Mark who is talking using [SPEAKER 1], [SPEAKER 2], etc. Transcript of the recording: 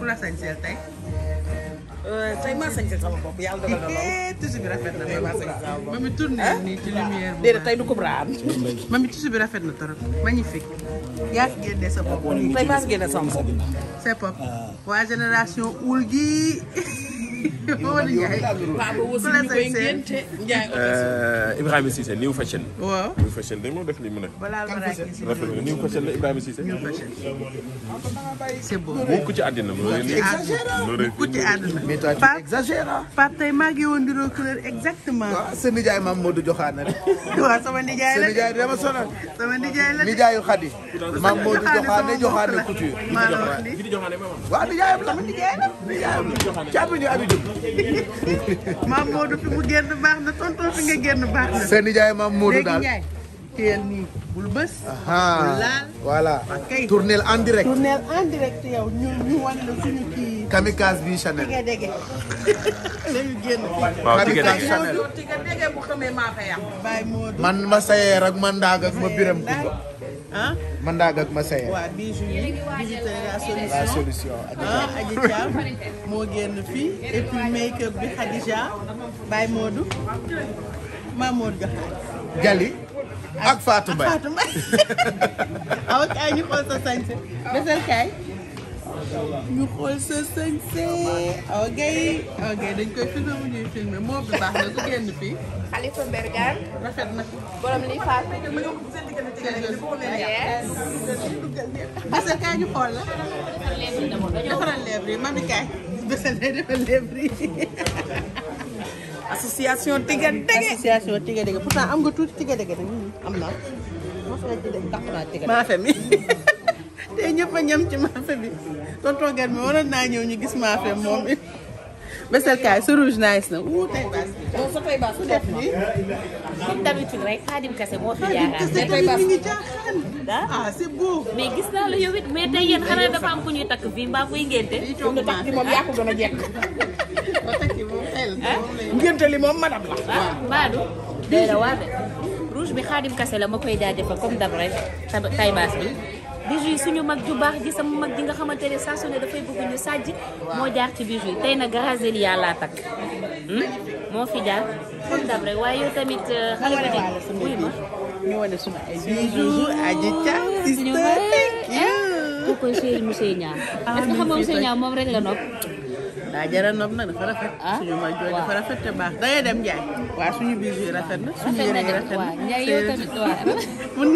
[SPEAKER 1] ku la sañseel tey. Euh, tey maa sañseel sama bopp yàlla dogal na lool. Eh, tusi bi rafet na maa sañseel sama bopp. mami tourné ah? nii ci lumière bi. déedéet tey du ko braan. mami tusi bi rafet na trop magnifique. yaa ngi génne sa bopp. tey maa ngi génne sama bopp. c'est pop waa génération uul gi. Mamadou Ndiaye waaw ba aussi ñu koy ngénte Ndiaye Ocass. Euh, Ibrahima Cissé new fashion. waaw new fashion dañ moo def li mu ne. balaa balaa gis nga rafetlu new fashion la Ibrahima Cissé. new fashion c'est bon. mukk ci àddina mu ngi mukk ci àddina. mais toi tu exagères Pape tey maa ngi woon niroo couleur exactement. waaw sa nijaay maam Modou Joxaane rek. waaw sama nijaay la de sa nijaay dama sonal. sama nijaay la de nijaayu Xadi. maam Modou Joxaane Joxaane couture. maa la wax nii waaw nijaayam la nijaayam la. maam Modou fi mu génn baax na tonton fi nga génn baax na. seen nijaay maam Modou daal léegi nii bul bës. bul laal voilà tournel en direct. tournel en direct yow kii. kamikaze bi Chanel. tiga dege lañu man ma sayeer ak man daag ak ma biram kumba. ah Mandag ak Massaye. waaw 10 juillet 18h la solution. ah Adji Thiam moo génn fii et puis make up bi Khadija Baye Modou Mamour Jali ak Fatou Mbaye ak Fatou Mbaye. ah ok ñu xool sa sañ sa desal kaay. ñu xool sa sañse ok ok dañ koy euh, filmé bu ñuy filmé moo bi baax na ku génn fii Khalifa Mbergane rafet borom lii faat bésal kaay ñu xool la defaral lèvres yi mami kaay bésal day defal lèvres association Tigga association Tigga Dégé pourtant am nga tuuti Tigga Dégé am na maa femi ñëpp a ñam ci maafe bi tonton Guèye mi waroon naa ñëw ñu gis maafe moom it. Bessél kaay sa rouge nice na wuu tey baas comme d'habitude rek Xaadim Kase moo fi jaaraat mais tey baas ah mais gis naa la yow it mais tey yéen xanaa dafa ku ñuy takk bii mbaa kuy ngénte. li takk moom yaa ko ah? ngénte li moom ma la. Ah, la waar de rouge bi Xaadim Kase la ma koy jaajëfal comme dab rek tay bi. bijou suñu mag ju baax ji sama mag ji nga xamante ne saa su ne dafay bëgg ñu sàjj moo jaar ci bijou tey na Grazélia laa takk hmm? moo fi jaar comme dab rek waaye yow tamit euh, xale bi de muy ma ñu wane suma ay bijou aji ca ku koy moom rek la nopp daa jara nopp nag dafa rafet ah? suñu mag jooju dafa rafet te baax da dem Ndiaye waaw suñu bijou rafet na suñu na yow tamit